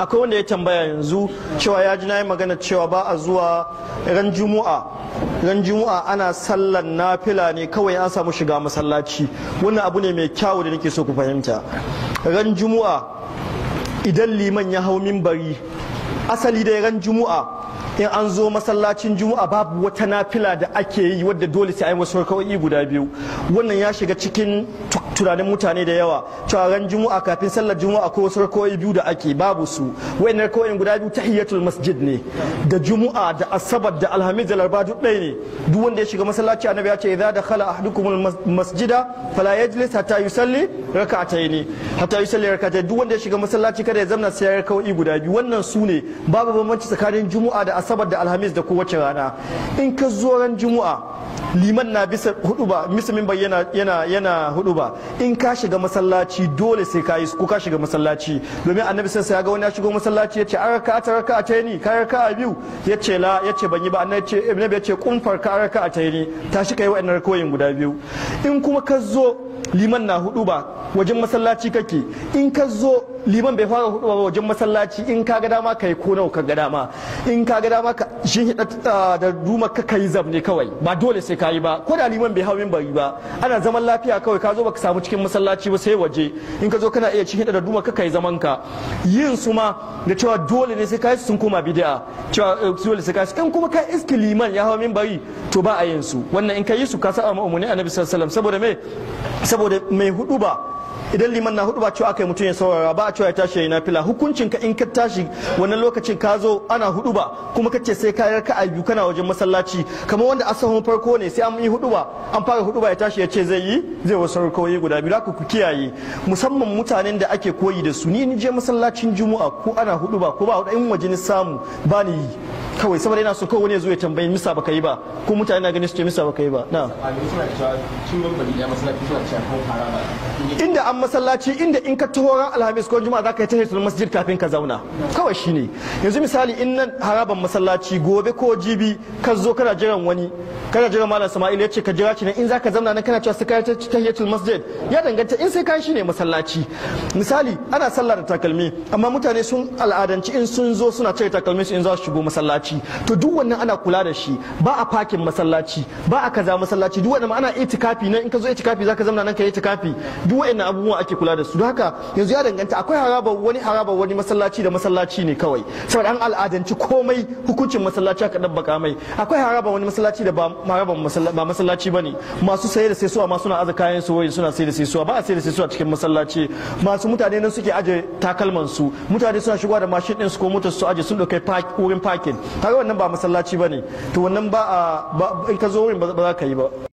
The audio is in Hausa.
akwai wanda ya tambaya yanzu cewa ya ji na yi magana cewa ba a zuwa ran juma'a ran juma'a ana sallan nafila ne kawai an samu shiga masallaci wannan abu ne mai kyawu da nake so ku fahimta ran juma'a idan liman ya hau mimbari asali dai ran juma'a in an zo masallacin jumua babu wata nafila da ake yi wadda dole sai a yi wasu kawai guda biyu wannan ya shiga cikin tunanin mutane da yawa cewa ran juma'a kafin sallar juma'a ko wasu rakoyi biyu da ake babu su wayannan rakoyin guda biyu tahiyatul masjid ne da juma'a da asabar da alhamis da laraba duk ɗaya ne duk wanda ya shiga masallaci annabi ya ce idza dakhala ahadukumul masjida fala yajlis hatta yusalli rak'atayn hatta yusalli rak'atayn duk wanda ya shiga masallaci kada ya zamna sai ya rakoyi guda biyu wannan su ne babu bambanci tsakanin juma'a da asabar da alhamis da kowace rana in ka zo ran juma'a liman na bisa hudu ba musulmin bai yana yana yana hudu ba in ka shiga masallaci dole sai ka yi ko ka shiga masallaci domin annabi sai ya ga wani ya shigo masallaci yace an raka ta raka ta ni ka raka biyu yace la yace ban yi ba annabi yace kun farka raka ta ni ta tashi kai wa'annan rakoyin guda biyu in kuma ka zo liman na hudu ba wajen masallaci kake in ka zo liman bai fara hudu ba wajen masallaci in ka ga dama kai ko nawa ka ga dama in ka ga dama ka shi ah, da duma ka kai zamne kawai ba dole sai kayi ba ko da liman bai hawin bari ba ana zaman lafiya kawai ka zo baka samu cikin masallaci ba sai waje in ka zo kana iya cikin da duma ka kai zaman ka yin su ma da cewa dole ne sai kayi sun koma bid'a cewa eh, dole sai kayi in kuma ka iski liman ya hawin bari to ba a yin su wannan in ka yi su ka sa ma umuni annabi sallallahu alaihi wasallam saboda me saboda mai hudu ba idan liman na hudu ba cewa aka yi mutum ya saurara ba a cewa ya tashi ya yi nafila hukuncin ka in ka tashi wannan lokacin ka zo ana hudu ba kuma ka ce sai ka yarka a kana wajen masallaci kamar wanda asahun farko ne sai an yi hudu ba an fara hudu ba ya tashi ya ce zai yi zai wasu rukawai guda biyu ku ku kiyaye musamman mutanen da ake koyi da su ni ni je masallacin juma'a ko ana hudu ba ko ba in waje ni samu ba ni yi kawai saboda yana so kawai wani ya zo ya tambaye misa baka yi ba ko mutane na ganin su ce misa baka yi ba na inda an masallaci inda in ka taho ran alhamis ko juma'a zaka yi tahiyatul masjid kafin ka zauna kawai shine yanzu misali in nan haraban masallaci gobe ko jibi ka zo kana jiran wani kana jiran malam sama'il yace ka jira shi ne in zaka zauna nan kana cewa sai ka tahiyatul masjid ya danganta in sai shi shine masallaci misali ana sallah da takalmi amma mutane sun al'adanci in sun zo suna cire takalmi su in za su shigo masallaci masallaci to duk wannan ana kula da shi ba a fakin masallaci ba a kaza masallaci duk wannan ana itikafi nan in ka zo itikafi zaka zama nan ka yi itikafi duk wannan abubuwa ake kula da su don haka yanzu ya danganta akwai harabar wani harabar wani masallaci da masallaci ne kawai saboda an al'adanci komai hukuncin masallaci aka dabbaka mai akwai harabar wani masallaci da ba harabar ba masallaci bane masu saye da saisuwa ma suna aza kayan su wai suna saye da saisuwa ba a saye da saisuwa cikin masallaci masu mutane nan suke aje takalman su mutane suna shigowa da mashin din su ko motar su aje sun dauke wurin parking kaga wannan ba masallaci ne to wannan ba in ka zo wurin ba za ka yi ba